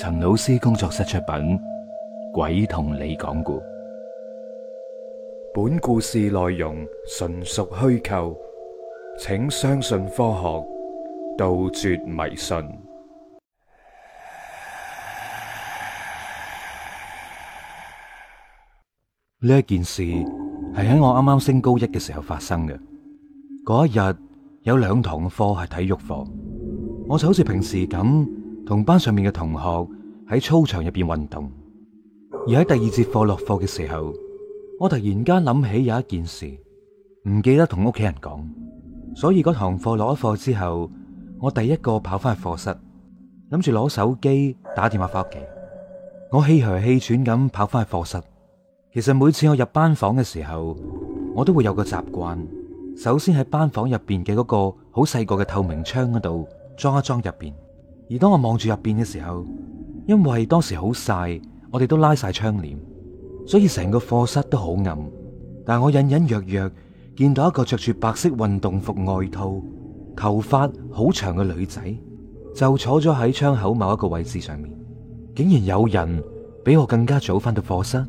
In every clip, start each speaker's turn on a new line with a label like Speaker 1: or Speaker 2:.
Speaker 1: 陳老師工作室出品《鬼同你講故》，本故事內容純屬虛構，請相信科學，杜絕迷信。呢件事係喺我啱啱升高一嘅時候發生嘅。嗰一日有兩堂課係體育課，我就好似平時咁。同班上面嘅同學喺操場入邊運動，而喺第二節課落課嘅時候，我突然間諗起有一件事唔記得同屋企人講，所以嗰堂課落咗課之後，我第一個跑翻去課室，諗住攞手機打電話翻屋企。我氣噓氣喘咁跑翻去課室。其實每次我入班房嘅時候，我都會有個習慣，首先喺班房入邊嘅嗰個好細個嘅透明窗嗰度裝一裝入邊。而當我望住入邊嘅時候，因為當時好曬，我哋都拉晒窗簾，所以成個課室都好暗。但我隱隱約約見到一個着住白色運動服外套、頭髮好長嘅女仔，就坐咗喺窗口某一個位置上面。竟然有人比我更加早翻到課室，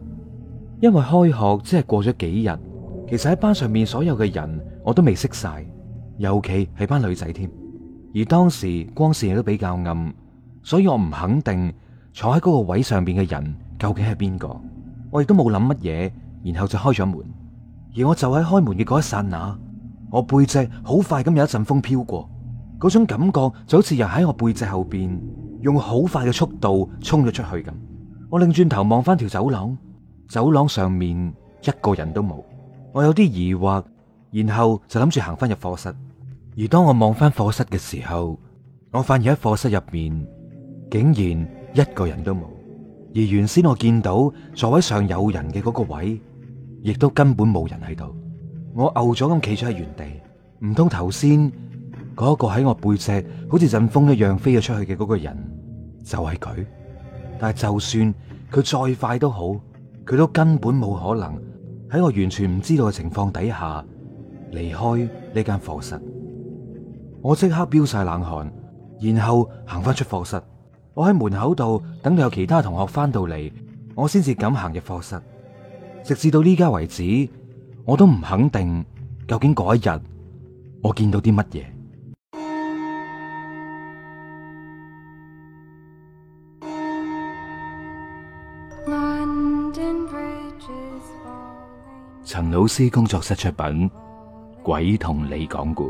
Speaker 1: 因為開學只係過咗幾日，其實喺班上面所有嘅人我都未識晒，尤其係班女仔添。而當時光線亦都比較暗，所以我唔肯定坐喺嗰個位上面嘅人究竟係邊個。我亦都冇諗乜嘢，然後就開咗門。而我就喺開門嘅嗰一刹那，我背脊好快咁有一陣風飄過，嗰種感覺就好似有人喺我背脊後邊用好快嘅速度衝咗出去咁。我擰轉頭望翻條走廊，走廊上面一個人都冇。我有啲疑惑，然後就諗住行翻入課室。而當我望翻課室嘅時候，我發現喺課室入面竟然一個人都冇。而原先我見到座位上有人嘅嗰個位，亦都根本冇人喺度。我吽咗咁企咗喺原地，唔通頭先嗰個喺我背脊好似陣風一樣飛咗出去嘅嗰個人就係佢？但係就算佢再快都好，佢都根本冇可能喺我完全唔知道嘅情況底下離開呢間課室。我即刻飆晒冷汗，然後行翻出課室。我喺門口度等有其他同學翻到嚟，我先至敢行入課室。直至到呢家為止，我都唔肯定究竟嗰一日我見到啲乜嘢。Brid 陳老師工作室出品，《鬼同你講故》。